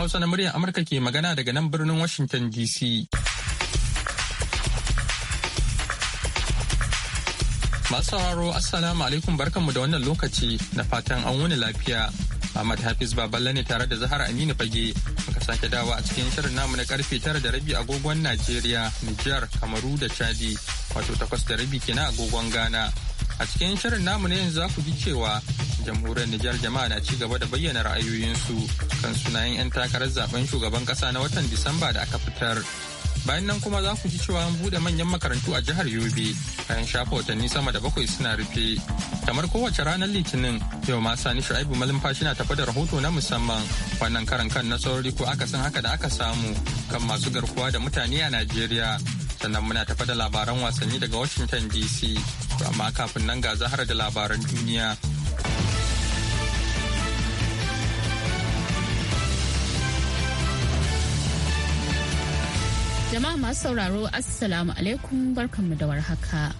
Hausa na muryar Amurka ke magana daga nan birnin Washington DC. Masu sauraro Assalamu alaikum barkanmu da wannan lokaci na fatan an wuni lafiya. Ahmad Hafiz Baballe ne tare da Zahara Aminu Fage muka sake dawa a cikin shirin namu na karfe tara da rabi agogon Najeriya, Nijar, Kamaru da Chadi, wato takwas da rabi kenan agogon Ghana. A cikin shirin namu ne yanzu za ku ji cewa jamhuriyar Nijar jama'a na ci gaba da bayyana ra'ayoyinsu kan sunayen 'yan takarar zaben shugaban kasa na watan Disamba da aka fitar. Bayan nan kuma za ku ji cewa an bude manyan makarantu a jihar Yobe kayan shafa watanni sama da bakwai suna rufe. Kamar kowace ranar Litinin, yau ma Sani Shu'aibu Malumfashi na tafa da rahoto na musamman wannan karan kan nasarori ko aka san haka da aka samu kan masu garkuwa da mutane a Najeriya. Sannan muna tafa da labaran wasanni daga Washington DC. Amma kafin nan ga zahara da labaran duniya. Jama'a masu sauraro Assalamu alaikum barkanmu da warhaka.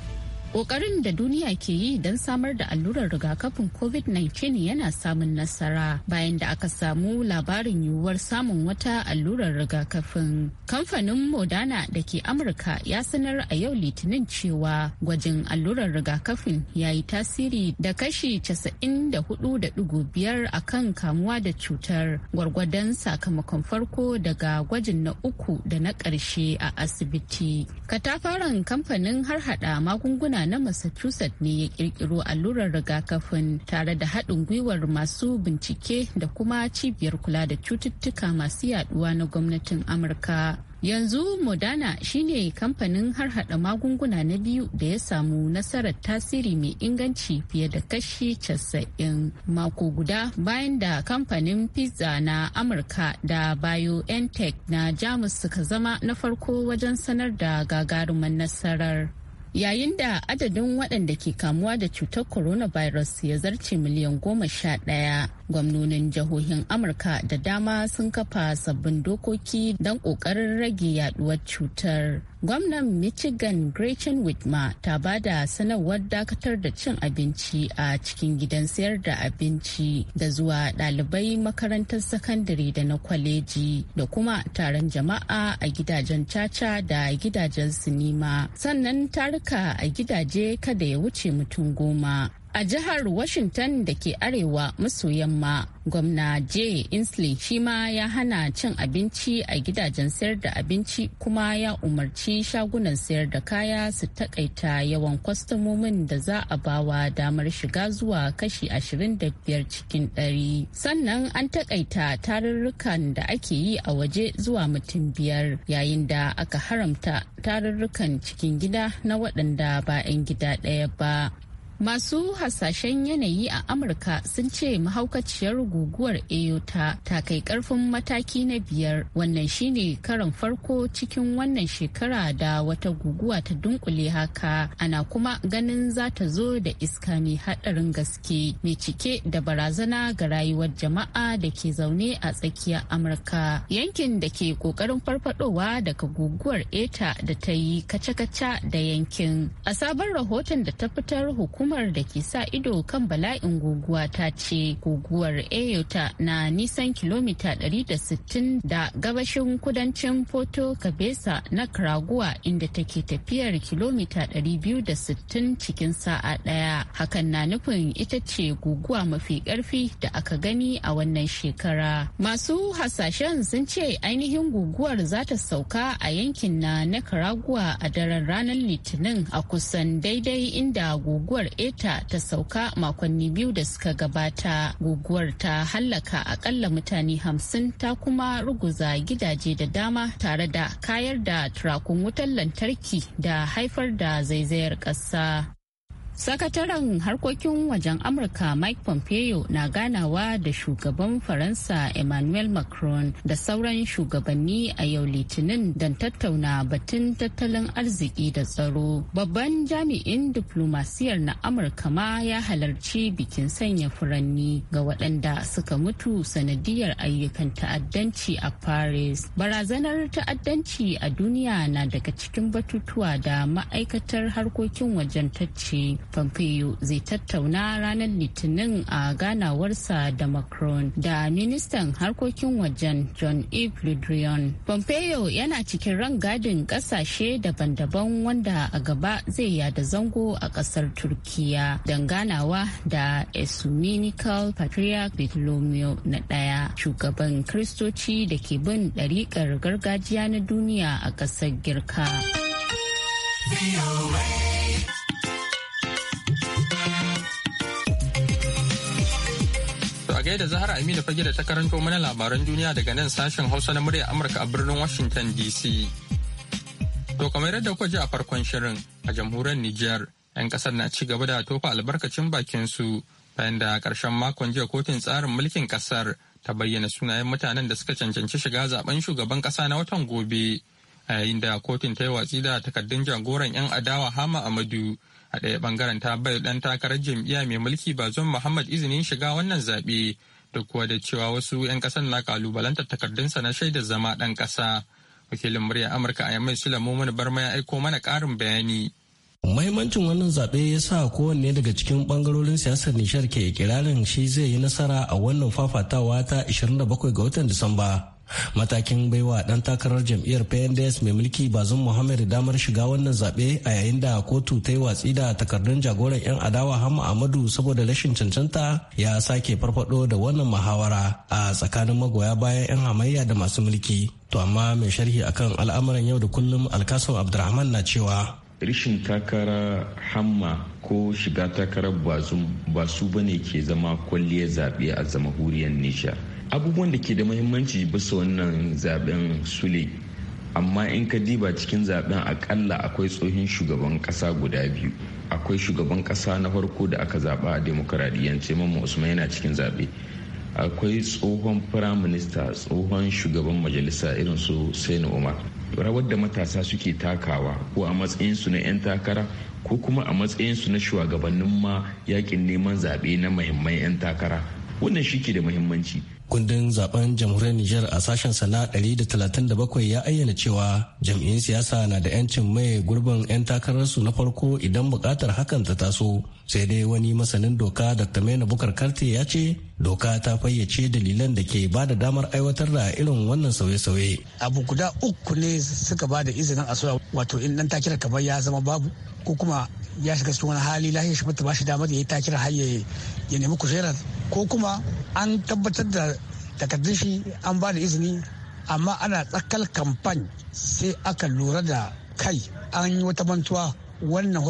Ƙoƙarin da duniya ke yi don samar da allurar rigakafin COVID-19 yana samun nasara bayan da aka samu labarin yiwuwar samun wata allurar rigakafin. Kamfanin Modana da ke Amurka ya sanar a yau Litinin cewa gwajin allurar rigakafin ya yi tasiri da kashi 94.5 a kan kamuwa da cutar gwargwadon sakamakon farko daga gwajin na uku da na ƙarshe a asibiti. Katafaren kamfanin har magunguna jami'a na massachusetts ne ya kirkiro allurar rigakafin tare da haɗin gwiwar masu bincike da kuma cibiyar kula da cututtuka masu yaduwa na gwamnatin amurka yanzu modana shine kamfanin harhaɗa magunguna na biyu da ya samu nasarar tasiri mai inganci fiye da kashi casa'in mako guda bayan da kamfanin pizza na amurka da biontech na jamus suka zama na farko wajen sanar da gagarumin nasarar yayin da adadin waɗanda ke kamuwa da cutar coronavirus ya zarce miliyan goma sha ɗaya gwamnonin jihohin amurka da dama sun kafa sabbin dokoki don ƙoƙarin rage yaɗuwar cutar gwamnan michigan gretchen whitmer ta ba da sanarwar dakatar da cin abinci a cikin gidan sayar da abinci da zuwa ɗalibai makarantar sakandare da na kwaleji da kuma taron jama'a a gidajen caca da gidajen sinima sannan tarika a gidaje kada ya wuce mutum goma A jihar Washington da ke arewa maso yamma, gwamna Jay Inslee shi ma ya hana cin abinci a gidajen sayar da abinci kuma ya umarci shagunan sayar da kaya su takaita yawan kwastomomin da za a bawa damar shiga zuwa kashi 25 cikin 100. Sannan an takaita tarurrukan da ake yi a waje zuwa mutum biyar yayin da aka haramta tarurrukan cikin gida na waɗanda ba 'yan gida ɗaya ba. Masu hasashen yanayi a Amurka sun ce mahaukaciyar guguwar Eyota ta kai karfin mataki na biyar wannan shine karan farko cikin wannan shekara da wata guguwa ta dunkule haka ana kuma ganin za ta zo da iska mai haɗarin gaske mai cike da barazana ga rayuwar jama'a da ke zaune a tsakiya Amurka. Yankin da ke ƙoƙarin farfadowa daga guguwar Eta da ta yi kaca-kaca da yankin. A sabon rahoton da ta fitar hukumar al'ummar da ke sa ido kan bala'in guguwa ta ce guguwar ayota na nisan kilomita 160 da gabashin kudancin porto cabeza na karaguwa inda take tafiyar kilomita 260 cikin sa'a daya hakan na nufin ita ce guguwa mafi karfi da aka gani a wannan shekara masu hasashen sun ce ainihin guguwar za ta sauka a yankin na nicaragua a daren ranar litinin a kusan daidai inda guguwar eta ta sauka makonni biyu da suka gabata guguwar ta hallaka akalla mutane hamsin ta kuma ruguza gidaje da dama tare da kayar da turakun wutar lantarki da haifar da zaizayar ƙasa Sakataren harkokin wajen Amurka Mike Pompeo na ganawa da shugaban Faransa Emmanuel Macron da sauran shugabanni a yau Litinin don tattauna batun tattalin arziki da tsaro. Babban jami'in diplomasiyar na Amurka ma ya halarci bikin sanya furanni ga waɗanda suka mutu sanadiyar ayyukan ta'addanci a Paris. Barazanar ta'addanci a duniya na daga cikin batutuwa da ma'aikatar harkokin wajen tacce. pompeo zai tattauna ranar litinin a ganawarsa da macron da ministan harkokin wajen john eve ludrion pompeo yana cikin rangadin kasashe daban-daban wanda a gaba zai yada zango a kasar turkiya don ganawa da ecumenical patriarch Bartholomew na ɗaya shugaban kristoci da ke bin ɗariƙar gargajiya na duniya a ƙasar girka. a gaida zahar Aminu fage da ta karanto mana labaran duniya daga nan sashen Hausa na murya Amurka a birnin Washington DC. To kamar yadda kuka ji a farkon shirin a jamhuriyar niger 'yan kasar na ci gaba da tofa albarkacin bakin su bayan da karshen makon jiya kotun tsarin mulkin kasar ta bayyana sunayen mutanen da suka cancanci shiga zaben shugaban kasa na watan gobe. A yayin da kotun ta yi watsi da takaddun jagoran 'yan adawa Hama Amadu a ɗaya bangaren ta bai ɗan takarar jam'iyya mai mulki ba bazon muhammad izinin shiga wannan zaɓe da kuwa da cewa wasu 'yan ƙasar na kalubalantar takardunsa na shaidar zama ɗan ƙasa wakilin murya amurka a yammai sula mana barma ya aiko mana ƙarin bayani Mahimmancin wannan zaɓe ya sa kowanne daga cikin ɓangarorin siyasar nishar ke ikirarin shi zai yi nasara a wannan fafatawa ta 27 ga watan Disamba. matakin baiwa dan takarar jam'iyyar pnds mai mulki bazum muhammad damar shiga wannan zaɓe a yayin da kotu ta yi watsi da takardun jagoran 'yan adawa hama amadu saboda rashin cancanta ya sake farfado da wannan muhawara a tsakanin magoya bayan 'yan hamayya da masu mulki to amma mai sharhi akan al'amuran yau da kullum alkasun abdurrahman na cewa rishin takara hamma ko shiga takarar bazum ba su bane ke zama kwalliyar zaɓe a jamhuriyar nishar abubuwan da ke da muhimmanci bisa wannan zaben sule amma in ka diba cikin zaben akalla akwai tsohon shugaban kasa guda biyu akwai shugaban kasa na farko da aka zaba a demokradiyyance mamma usman yana cikin zabe akwai tsohon firaminista tsohon shugaban majalisa irin su sani umar rawar da matasa suke takawa ko a matsayinsu na 'yan takara ko kuma a matsayinsu na shugabannin ma yakin neman zaɓe na mahimman 'yan takara wannan shi ke da muhimmanci Kundin zaben jamhuriyar Nijar a sashen sana 137 ya ayyana cewa jam'iyyun siyasa na da 'yancin mai gurbin 'yan takararsu na farko idan bukatar hakan ta taso. Sai dai wani masanin doka Dr. Maina Bukar Karte ya ce doka ta fayyace dalilan da ke ba da damar aiwatar da irin wannan sauye-sauye. Abu guda uku ne suka ba da izinin a soya wato in dan takirar kamar ya zama babu ko kuma ya shiga cikin wani hali lahiyar shi ba shi damar ya yi har ya nemi kujerar ko kuma an tabbatar da takardun shi an ba da izini amma ana tsakal kamfan sai aka lura da kai an yi wata mantuwa wannan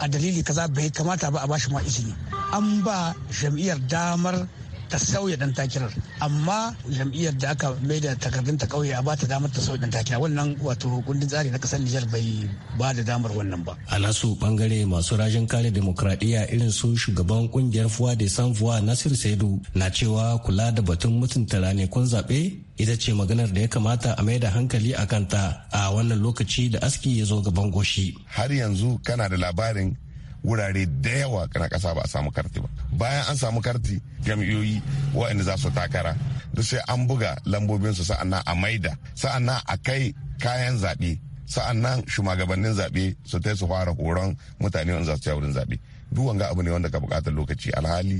a dalili kaza bai kamata ba a bashi ma izini an ba jam'iyyar damar ta sauya dan takirar amma jam'iyyar da aka mai da takardun ta kauye a ba ta damar ta sauya dan takirar wannan wato kundin tsari na kasar Nijar bai ba da damar wannan ba a nasu bangare masu rajin kare demokradiyya irin su shugaban kungiyar fuwa da sanfuwa Nasir Saidu na cewa kula da batun mutunta ranakun zaɓe ita ce maganar da ya kamata a mai da hankali a kanta a wannan lokaci da aski ya zo gaban goshi har yanzu kana da labarin wurare da yawa na kasa ba a samu karti ba bayan an samu karti jam'iyoyi waɗanda za su takara da sai an buga lambobin lambobinsu sa'annan a maida sa'annan a kai kayan zaɓe sa'annan shugabannin zaɓe su ta su fara horon mutane wanda za su wurin zaɓe duk wanga abu ne wanda ka buƙatar lokaci alhali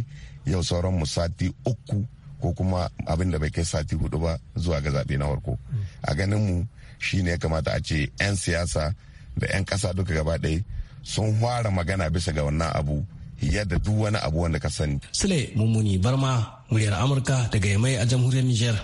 yau sauran mu sati uku ko kuma abin da bai kai sati hudu ba zuwa ga zaɓe na farko a ganin mu shine ya kamata a ce 'yan siyasa da 'yan ƙasa duka gaba ɗaya sun fara magana bisa ga wannan abu yadda duk wani abu wanda ka sani. Sule Mummuni Barma muryar Amurka daga Yamai a jamhuriyar Nijar.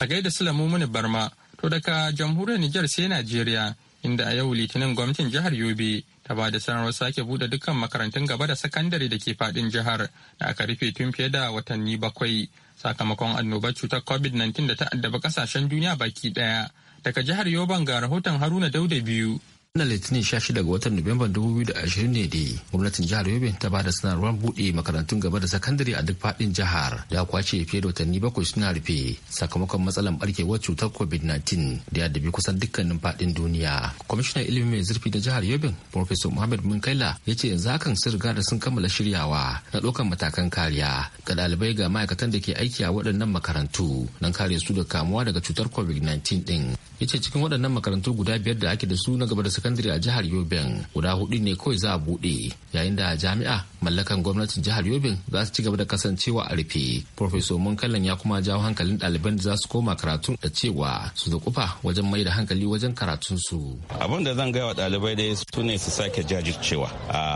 A gaida Sule Mummuni Barma to daga jamhuriyar Nijar sai Najeriya inda a yau litinin gwamnatin jihar Yobe ta ba da sanarwar sake bude dukkan makarantun gaba da sakandare da ke fadin jihar da aka rufe tun fiye da watanni bakwai sakamakon annobar cutar COVID-19 da ta addaba kasashen duniya baki daya. Daga jihar Yoban ga rahoton Haruna Dauda biyu. na litinin Shashi ga watan nuwamban 2020 ne da gwamnatin jihar yobe ta bada sanarwar buɗe makarantun gaba da sakandare a duk faɗin jihar da kwace fiye da watanni bakwai suna rufe sakamakon matsalar barkewar cutar covid-19 da ya dabi kusan dukkanin faɗin duniya kwamishinan ilimi mai zurfi da jihar yobe professor muhammad munkaila ya ce yanzu hakan sun riga da sun kammala shiryawa na ɗaukan matakan kariya ga ɗalibai ga ma'aikatan da ke aiki a waɗannan makarantu don kare su da kamuwa daga cutar covid-19 ɗin ya ce cikin waɗannan makarantu guda biyar da ake da su na gaba da sakandare a jihar Yobin guda hudu ne kawai za a buɗe yayin da jami'a mallakan gwamnatin jihar Yobin za su ci gaba da kasancewa a rufe. Professor Munkallan ya kuma jawo hankalin ɗaliban da za su koma karatun da cewa su da kufa wajen mai da hankali wajen karatun su. Abin da zan gaya wa ɗalibai dai su ne su sake jajircewa.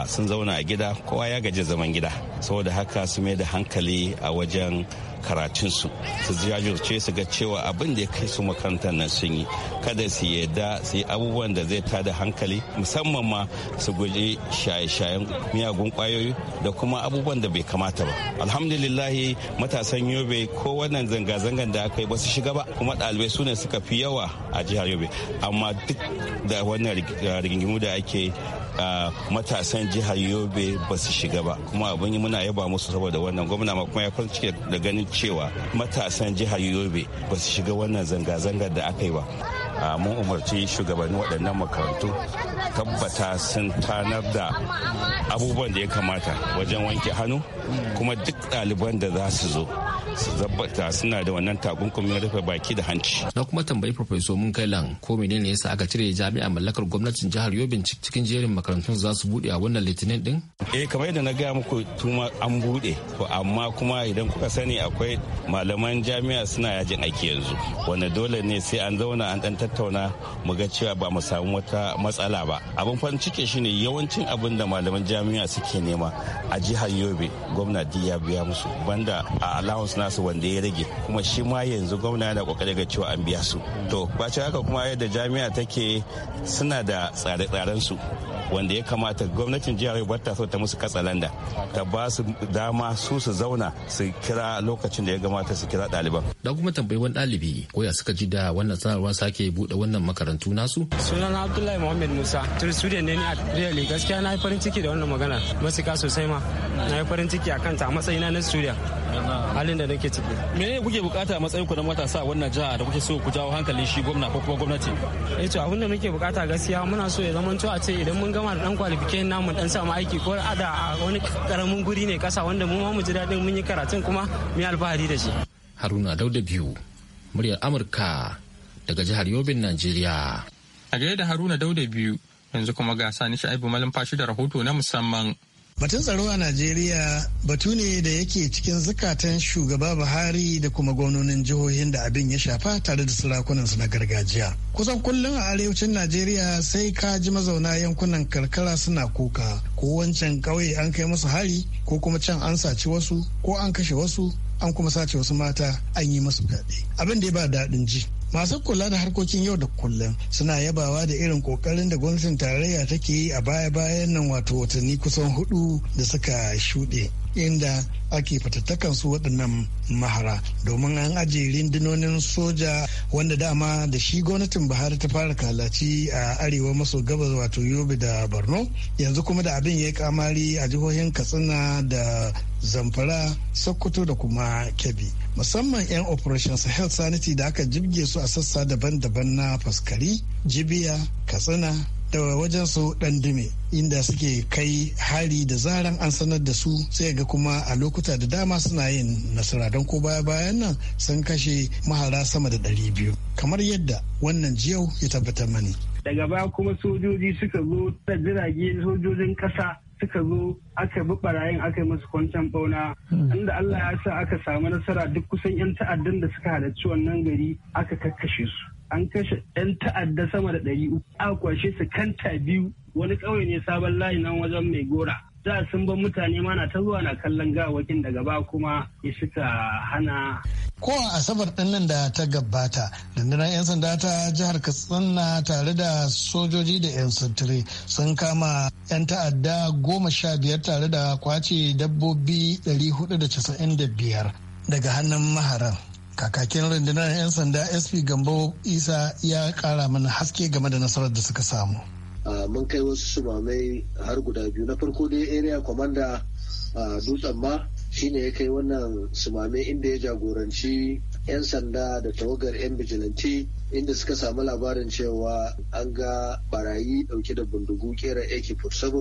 sun zauna a gida kowa ya gaji zaman gida. Saboda haka su mai da hankali a wajen Karatun su su jajirce su ga cewa abin da ya kai su makarantar nan sun yi kada su yadda su yi abubuwan da zai tada hankali musamman ma su guji shaye-shayen miyagun kwayoyi da kuma abubuwan da bai kamata ba alhamdulillahi matasan yobe ko wannan zanga-zangan da aka yi ba su shiga ba kuma ɗalibai su ne suka fi yawa a jihar yobe amma duk da wannan rigingimu da ake matasan jihar yobe ba su shiga ba kuma abin muna yaba musu saboda wannan gwamna ma kuma ya farin da ganin cewa matasan jihar yobe ba su shiga wannan zanga-zangar da aka yi ba mun umarci shugabanni waɗannan makarantu tabbata sun tanar da abubuwan da ya kamata wajen wanke hannu kuma duk ɗaliban da za su zo su zabbata suna da wannan takunkumin rufe baki da hanci. Na kuma tambayi mun kai lan ko menene yasa aka cire jami'a mallakar gwamnatin jihar yobe cikin jerin makarantun za su bude a wannan litinin din? Eh kamar yadda na gaya muku tuma an bude ko amma kuma idan kuka sani akwai malaman jami'a suna yajin aiki yanzu wanda dole ne sai an zauna an dan tattauna mu ga cewa ba mu samu wata matsala ba abin farin ciki shine yawancin abin da malaman jami'a suke nema a jihar yobe gwamna di ya biya musu banda a allowance nasu wanda ya rage kuma shi ma yanzu gwamna yana kokari ga cewa an biya su to ba bacin haka kuma yadda jami'a take suna da tsare-tsaren su wanda ya kamata gwamnatin jihar yobe ta so ta musu katsalanda ta ba su dama su su zauna su kira lokacin da ya gamata su kira ɗaliban. Da kuma tambayi wani ɗalibi ko ya suka ji da wannan sanarwar sake bude wannan makarantu nasu? Sunana Abdullahi Muhammad Musa, tun student ne a Really gaskiya na yi farin ciki da wannan magana, masika sosai ma. Na yi farin ciki a kanta a matsayina na student. halin da nake ciki. Mene kuke bukata a matsayin ku na matasa wannan jiha da kuke so ku jawo hankalin shi gwamna ko kuma gwamnati? Eh to abin da muke bukata gaskiya muna so ya zama a ce idan mun gama da dan qualification namu dan samu aiki ko ada a wani karamin guri ne kasa wanda mu ma mu ji dadin mun yi karatun kuma mu yi alfahari da shi. Haruna Dauda biyu muryar Amurka daga jihar Yobin Najeriya. A da Haruna Dauda biyu yanzu kuma ga sani sha'ibu malumfashi da rahoto na musamman. Batun tsaro a Najeriya batu ne da yake cikin zukatan shugaba Buhari da kuma gwamnonin jihohin da abin ya shafa tare da sarakunansu na gargajiya. Kusan kullum a arewacin Najeriya sai ka ji mazauna yankunan karkara suna kuka ko wancan ƙauye an kai musu hari ko kuma can an saci wasu ko an kashe wasu an kuma sace wasu mata an yi musu fyaɗe. Abin da ya ba daɗin ji. masu kula da harkokin yau da kullum suna yabawa da irin kokarin da gwamnatin tarayya take yi a baya-bayan nan wato watanni kusan hudu da suka shuɗe inda ake fatattakan su waɗannan mahara domin an ajiye rundunonin soja wanda dama da shi gwamnatin buhari ta fara kalaci a arewa maso gabas wato yobe da borno yanzu kuma da abin ya yi kamari a jihohin katsina da zamfara sokoto da kuma kebbi musamman 'yan operation sahel sanity da aka jibge su a sassa daban-daban na faskari jibiya katsina da wajen su dan dume inda suke kai hari da zaran an sanar da su sai ga kuma a lokuta da dama suna yin nasara don ko baya bayan nan sun kashe mahara sama da ɗari biyu kamar yadda wannan jiyau ya tabbatar mani daga baya kuma sojoji suka zo da jirage sojojin ƙasa suka zo aka bi barayin aka yi masu kwancen bauna inda hmm. Allah ya sa aka samu nasara duk kusan 'yan ta'addan da suka halarci wannan gari aka kakkashe su an kashe 'yan ta'adda sama da ɗari uku kwashe su kanta biyu wani ƙauye ne sabon layi nan wajen mai gora da sun ban mutane mana ta zuwa na kallon gawakin daga ba kuma ya suka hana ko a asabar ɗinnan da ta gabata dandanar 'yan sanda ta jihar katsina tare da sojoji da 'yan sintiri sun kama 'yan ta'adda goma sha biyar tare da kwace dabbobi 495 daga hannun maharan kakakin rundunar 'yan sanda sp gambo isa ya kara mana haske game da nasarar da suka samu mun kai wasu sumamai har guda biyu na farko dai area commander dutsen ma shine ya kai wannan sumame inda ya jagoranci 'yan sanda da tawagar 'yan bijilanti inda suka samu labarin cewa an ga barayi dauke da bindigu kera ak-47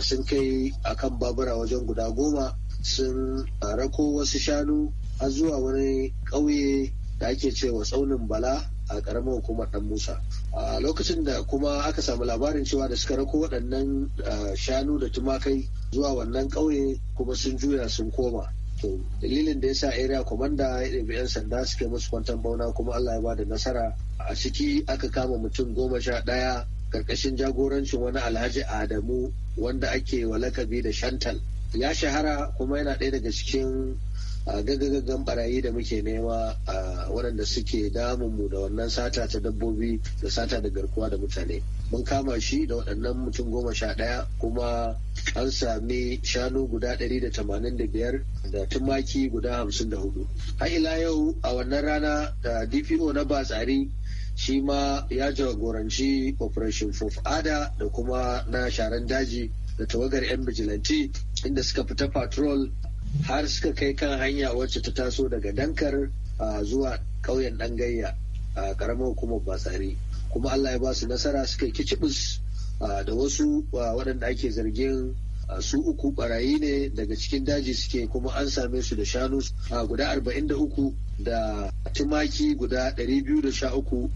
sun kai akan babura wajen guda goma sun rako wasu shanu a zuwa wani ƙauye da ake cewa tsaunin bala a karamar hukumar ɗan musa a lokacin da kuma aka samu labarin cewa da suka rako waɗannan shanu da tumakai zuwa wannan ƙauye kuma sun juya sun koma to dalilin da ya yasa area commander ya ɗabi 'yan sanda suke musu kwantar bauna kuma allah ya da nasara a ciki aka kama mutum goma sha ɗaya karkashin jagorancin wani alhaji adamu wanda ake wa lakabi da shantal ya shahara kuma yana ɗaya daga cikin ah, gagagagan barayi da muke nema a ah, waɗanda suke mu da wannan sata ta dabbobi da sata da garkuwa da mutane mun kama shi da waɗannan mutum goma sha ɗaya kuma an sami shanu guda ɗari da tamanin da biyar da tumaki guda hamsin da hudu ila yau a wannan rana da dpo na batsari shi ma ya jagoranci operation fof ada da kuma na sharan daji da tawagar 'yan bijilanti inda suka fita patrol har suka kai kan hanya wacce ta taso daga dankar zuwa ƙauyen ɗangayya a karamar hukumar basari kuma allah ya ba su nasara suka yi kicibis da wasu waɗanda ake zargin su uku barayi ne daga cikin daji suke kuma an same su da shanu guda 43 da tumaki guda 213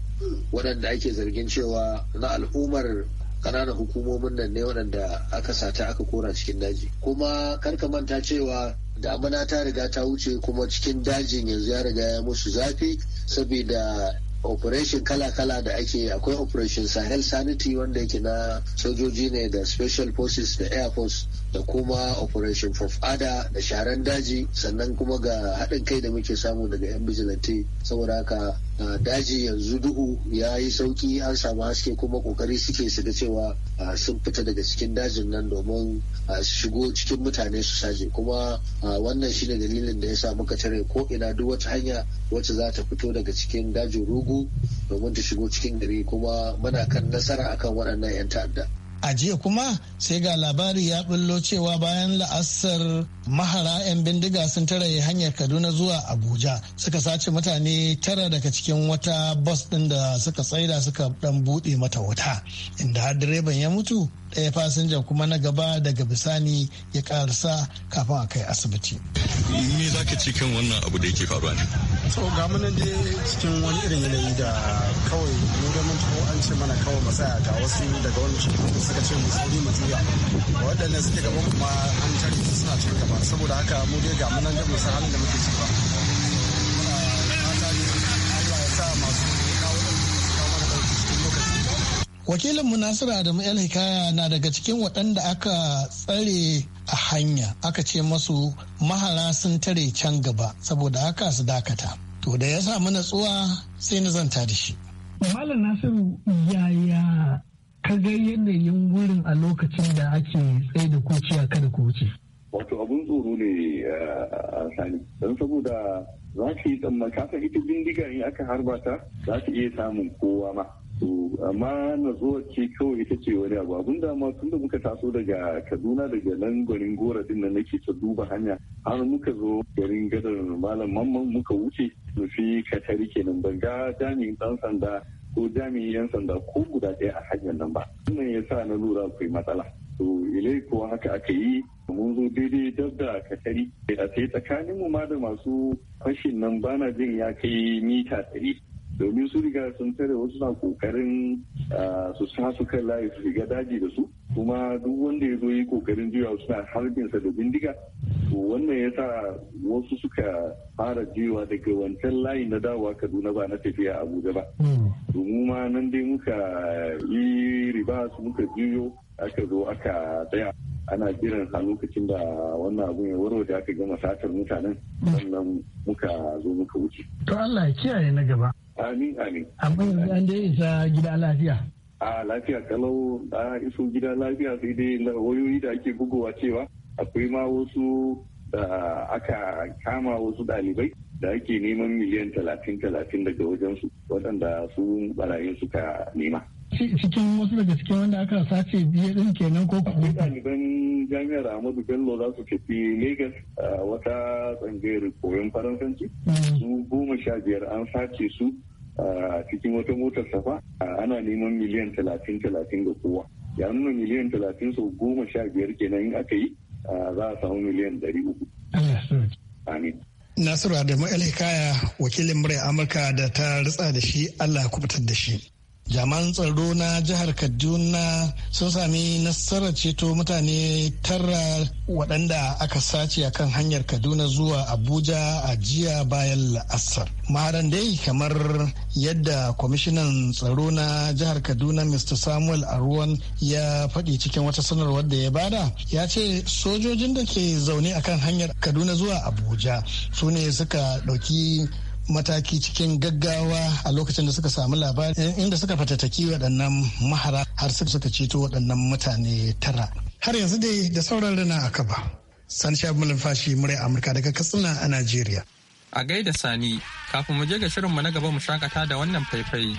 waɗanda ake zargin cewa na al'ummar ƙananan hukumomin nan ne waɗanda aka sata aka kora cikin daji kuma karka manta cewa damuna ta riga ta wuce kuma cikin dajin yanzu ya riga ya musu zafi saboda operation kala-kala da ake akwai operation sahel sanity wanda yake na sojoji ne da special forces da air force da kuma operation fada da sharan daji sannan kuma ga haɗin kai da muke samu daga 'yan bijilante saboda haka daji yanzu duhu ya yi sauki an samu haske kuma kokari suke su cewa sun fita daga cikin dajin nan domin shigo cikin mutane su saje kuma wannan shine dalilin da ya sa muka tare ko ina duk wata hanya wacce za ta fito daga cikin dajin rugu domin ta shigo cikin gari kuma muna kan nasara akan waɗannan 'yan ta'adda a jiya kuma sai ga labari ya bullo cewa bayan la'asar mahara 'yan bindiga sun ya hanyar kaduna zuwa abuja suka sace mutane tara daga cikin wata bus din da suka tsaida suka dan bude mata wuta inda har direban ya mutu ɗaya fasinjan kuma na gaba daga bisani ya karsa kafin a kai asibiti me za ka ci kan wannan abu da yake faruwa ne so ga mu dai cikin wani irin yanayi da kawai mu da mun taho an ce mana kawai masaya ga wasu daga wani cikin suka ce mu sauri mu juya waɗannan suke gaba kuma an tare su suna cikin gaba ba saboda haka mu dai ga munan da mu halin da muke ciki ba wakilin mu nasiru adamu el hikaya na daga cikin waɗanda aka tsare a hanya aka ce masu mahara sun tare can gaba saboda haka su dakata to da ya samu natsuwa sai na zanta da shi malam nasiru yaya ka ga yanayin wurin a lokacin da ake tsaye da kuciya kada ku wuce wato abun tsoro ne eh, a sani don saboda za ka yi tsamma kasan ita bindiga in aka harba ta za ta iya samun kowa ma to amma natsuwar ce kawai ita ce wani abu abun da ma tun muka taso daga kaduna daga nan gwanin gora din nan nake ta duba hanya har muka zo garin gadar malam mamman muka wuce nufi katari kenan ban ga jami'in dan sanda ko jami'in yan sanda ko guda ɗaya a hanyar nan ba wannan ya na lura akwai matsala to ilai ko haka aka yi mun zo daidai dab da katari a sai tsakanin mu ma da masu fashin nan bana jin ya kai mita ɗari domin su riga sun tare wasu na kokarin su sa su kan layi su shiga daji da su kuma duk wanda ya zo yi kokarin juya suna harbinsa da bindiga to wannan ya sa wasu suka fara jiwa daga wancan layi na dawa kaduna ba na tafiya abuja ba domin hmm. ma nan dai muka yi riba su muka jiyo. aka zo aka tsaya ana jiran a lokacin da wannan abun ya waro da aka gama satar mutanen sannan muka zo muka wuce. To Allah ya kiyaye na gaba. Amin amin. Amma yanzu an dai isa gida lafiya. A lafiya kalau a iso gida lafiya sai dai wayoyi da ake bugowa cewa akwai ma wasu da aka kama wasu ɗalibai da ake neman miliyan talatin talatin daga wajensu waɗanda su barayin suka nema. cikin wasu daga cikin wanda aka sace biye din kenan ko kuma ɗaliban jami'ar Ahmadu Bello za su tafi Lagos wata tsangayar koyon faransanci mm. su goma sha biyar an sace su a cikin wata motar safa ana neman miliyan talatin talatin ga kowa ya nuna miliyan talatin sau goma sha biyar kenan in aka yi za a samu miliyan ɗari uku. Amin. Nasiru Adamu El Hikaya wakilin murya Amurka da ta ritsa da shi Allah ya kubutar da shi. jaman tsaro na jihar kaduna sun sami nasarar ceto mutane tara waɗanda aka sace a kan hanyar kaduna zuwa abuja a jiya bayan la'asar maharan dai kamar yadda kwamishinan tsaro na jihar kaduna mr samuel arwan ya faɗi cikin wata sanarwar da ya bada ya ce sojojin da ke zaune akan hanyar kaduna zuwa abuja su ne suka ɗauki mataki cikin gaggawa a lokacin da suka samu labari eh, inda suka fatattaki waɗannan mahara har suka ceto waɗannan mutane tara har yanzu dai da sauran rana aka ba sani shafi malumfashi murai amurka daga katsina a najeriya a gaida sani kafin mu je ga shirin mu na gaba mu shakata da wannan faifai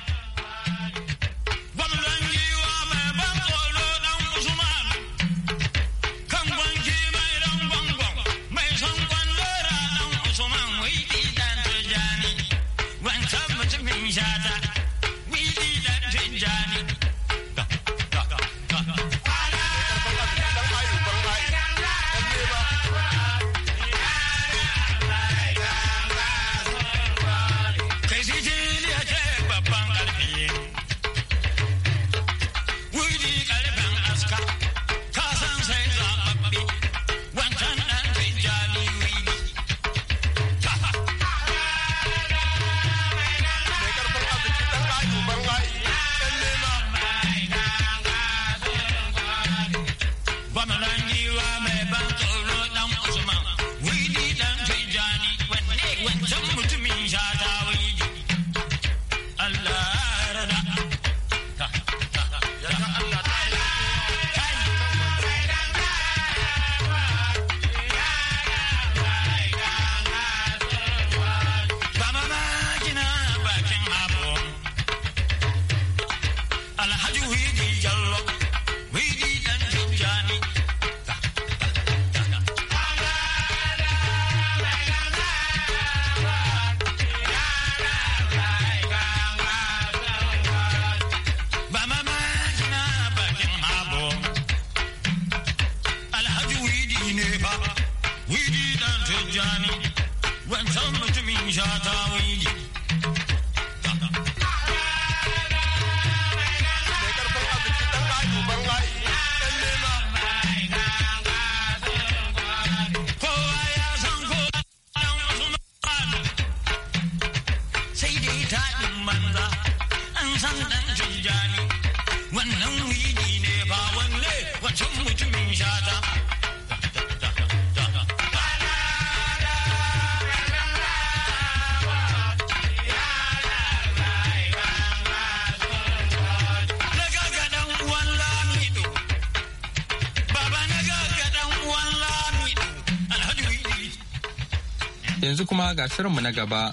ga shirinmu na gaba.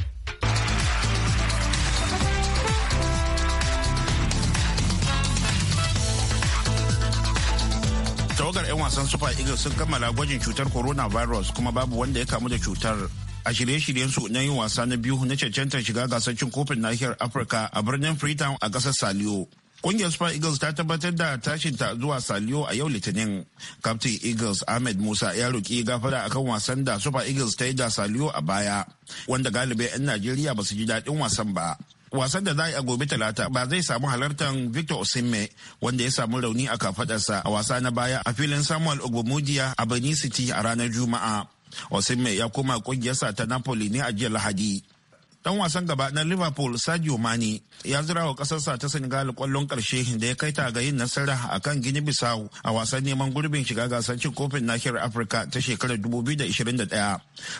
tawagar 'yan wasan super eagles sun kammala gwajin cutar coronavirus kuma babu wanda ya kamu da cutar a shirye-shiryen su na yin wasa na biyu na cancantar shiga gasar cin kofin nahiyar afirka a birnin freetown a ƙasar saliyo Kungiyar Super Eagles ta tabbatar da tashinta zuwa Saliyo a yau Litinin. Captain Eagles Ahmed Musa ya roƙi gafara akan wasan da Super Eagles ta yi da Saliyo a baya, wanda galibai 'yan Najeriya ba su ji daɗin wasan ba. Wasan da za a gobe talata ba zai samu halartar Victor Osimhen wanda ya samu rauni a kafadarsa a wasa na baya a filin Samuel Ogbomudia a Benin City a ranar Juma'a. Osimhen ya koma kungiyarsa ta Napoli ne a jiya Lahadi. dan wasan gaba na liverpool sadio mani ya zira wa kasarsa ta senegal kwallon karshe da ya kai ta ga yin nasara a kan gini bisau a wasan neman gurbin shiga gasar cin kofin nahiyar afirka ta shekarar 2021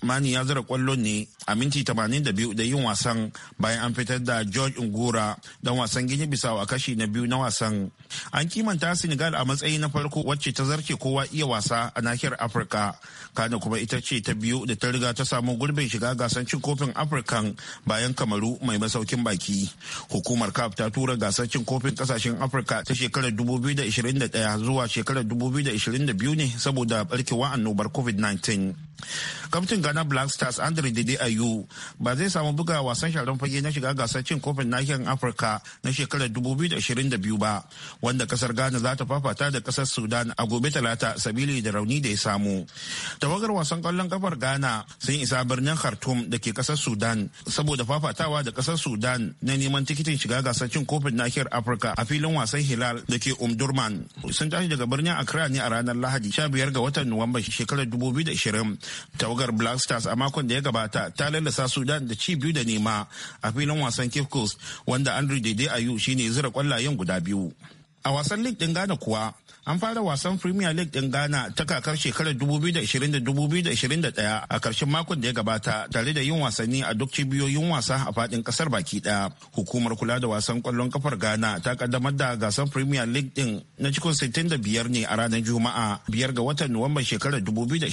mani ya zira kwallon ne a minti 82 da yin wasan bayan an fitar da george ngura dan wasan gini bisau a kashi na biyu na wasan an kimanta senegal a matsayi na farko wacce ta zarce kowa iya wasa a nahiyar afirka kana kuma ita ce ta biyu da ta riga ta samu gurbin shiga gasar cin kofin afirkan bayan kamaru mai masaukin baki hukumar caf ta tura gasar cin kofin kasashen afirka ta shekarar 2021 zuwa shekarar 2022 ne saboda barkewar annobar covid-19 kaftin ghana black stars andre dede ayu ba zai samu buga wasan sharan fage na shiga gasar cin kofin nahiyar afirka na shekarar 2022 ba wanda kasar ghana za ta fafata da kasar sudan a gobe talata sabili da rauni da ya samu tawagar wasan kwallon kafar ghana sun isa birnin khartoum da ke kasar sudan saboda fafatawa da kasar sudan na neman tikitin shiga gasar cin kofin nahiyar afirka a filin wasan hilal da ke umdurman sun tashi daga birnin accra ne a ranar lahadi sha biyar ga watan nuwamba shekarar dubu biyu da ishirin tawagar black stars a makon da ya gabata ta lallasa sudan da ci biyu da nema a filin wasan cape coast wanda andrew dede ayu shine zira kwallayen guda biyu a wasan link din ghana kuwa an fara wasan premier league din ghana ta kakar shekarar 2020-2021 a karshen makon da ya gabata tare da yin wasanni a duk cibiyoyin wasa a fadin kasar baki daya hukumar kula da wasan kwallon kafar ghana ta kaddamar da gasar premier league din na cikin 65 ne a ranar juma'a biyar ga watan nuwamban shekarar 2020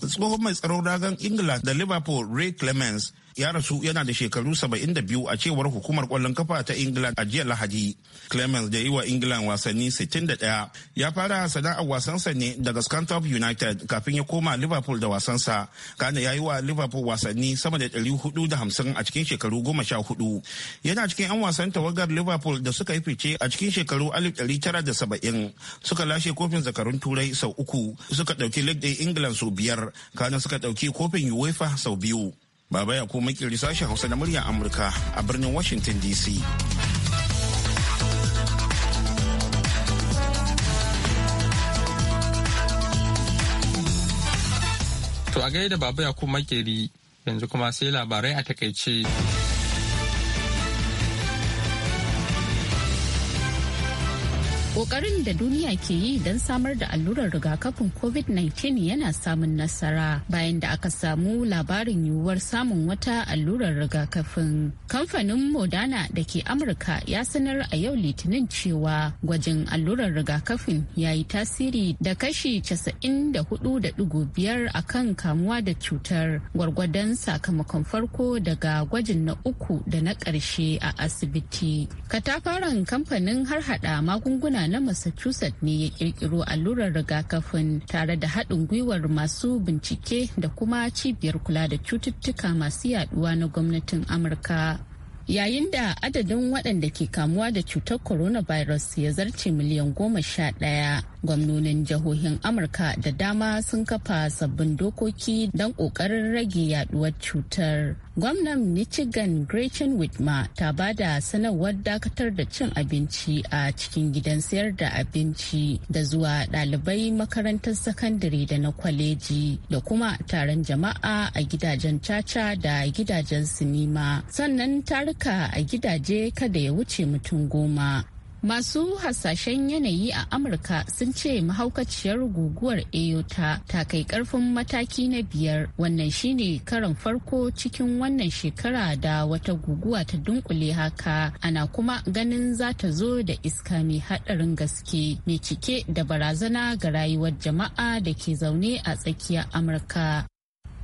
tsohon mai tsaron ragan ingila da liverpool ray clemens ya rasu yana da shekaru 72 a cewar hukumar kwallon kafa ta England a jiya Lahadi. Clemens da yi wa England wasanni 61 ya fara sana'ar wasansa ne daga Scunthorpe United kafin ya koma Liverpool da wasansa. Kana ya yi wa Liverpool wasanni sama da 450 a cikin shekaru 14. Yana cikin 'yan wasan tawagar Liverpool da suka yi fice a cikin shekaru 1970 suka lashe kofin zakarun turai sau uku suka ɗauki leg ɗin England sau biyar kana suka ɗauki kofin UEFA sau biyu. Baba ya ko makiri Hausa na muryar Amurka a birnin Washington DC. To a gaida Baba ya ko yanzu kuma sai labarai a takaice. Ƙoƙarin da duniya ke yi don samar da allurar rigakafin COVID-19 yana samun nasara bayan da aka samu labarin yiwuwar samun wata allurar rigakafin. Kamfanin Modana da ke Amurka ya sanar a yau Litinin cewa gwajin allurar rigakafin ya yi tasiri da kashi 94.5 a kan kamuwa da cutar gwargwadon sakamakon farko daga gwajin na uku da na ƙarshe a asibiti. Katafaren kamfanin harhaɗa magunguna na massachusetts ne ya kirkiro allurar rigakafin tare da haɗin gwiwar masu bincike da kuma cibiyar kula da cututtuka masu yaduwa na gwamnatin amurka yayin da adadin waɗanda ke kamuwa da cutar coronavirus ya zarce miliyan goma sha ɗaya gwamnonin jihohin amurka da dama sun kafa sabbin dokoki don kokarin rage yaduwar cutar gwamnan michigan gretchen whitmer ta ba da sanarwar dakatar da cin abinci a cikin gidan sayar da abinci da zuwa dalibai makarantar sakandare da na kwaleji da kuma taron jama'a a gidajen caca da gidajen sinima sannan tarika a gidaje kada ya wuce mutum goma Masu hasashen yanayi a Amurka sun ce mahaukaciyar guguwar Eyota ta kai karfin mataki na biyar wannan shine karan farko cikin wannan shekara da wata guguwa ta dunkule haka ana kuma ganin za ta zo da iska mai haɗarin gaske mai cike da barazana ga rayuwar jama'a da ke zaune a tsakiyar Amurka.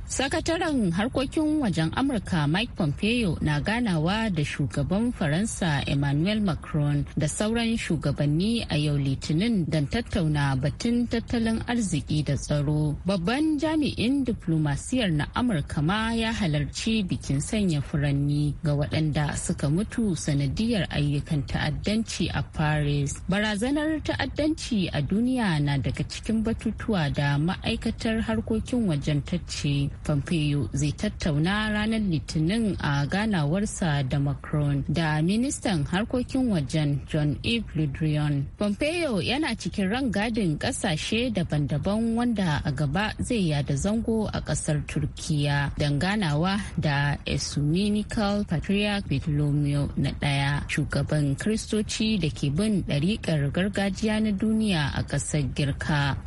Sakataren harkokin wajen Amurka Mike Pompeo na ganawa da shugaban Faransa Emmanuel Macron da sauran shugabanni a yau Litinin don tattauna batun tattalin arziki da tsaro. Babban jami'in diplomasiyar na Amurka ma ya halarci bikin sanya furanni ga waɗanda suka mutu sanadiyar ayyukan ta'addanci a Paris. Barazanar ta'addanci a duniya na daga cikin batutuwa da ma'aikatar harkokin wajen tacce. Pompeo zai tattauna ranar Litinin a ganawarsa da Macron da ministan harkokin wajen John Eve Ludrion. Pompeo yana cikin rangadin ƙasashe daban-daban wanda a gaba zai yada zango a ƙasar Turkiya don ganawa da Ecumenical Patriarch Bartholomew na ɗaya shugaban Kiristoci da ke bin ɗariƙar gargajiya na duniya a ƙasar Girka.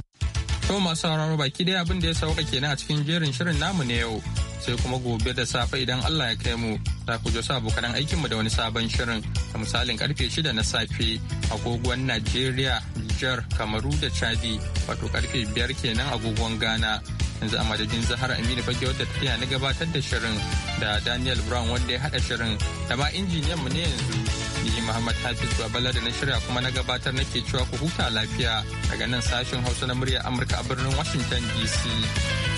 To masu sauraro baki dai abin da ya sauka kenan a cikin jerin shirin namu ne yau. Sai kuma gobe da safe idan Allah ya kai mu za ku jo abokan aikin mu da wani sabon shirin a misalin karfe shida na safe agogon Najeriya, Nijar, Kamaru da Chadi wato karfe biyar kenan agogon Ghana. yanzu a madadin zahar aminu fage wadda tafiya na gabatar da shirin da daniel brown wanda ya hada shirin da ma injiniyan mu ne yanzu Muhammad Hafiz Babala da na shirya kuma na gabatar nake cewa ku huta lafiya daga nan sashen Hausa na muryar Amurka a birnin Washington DC.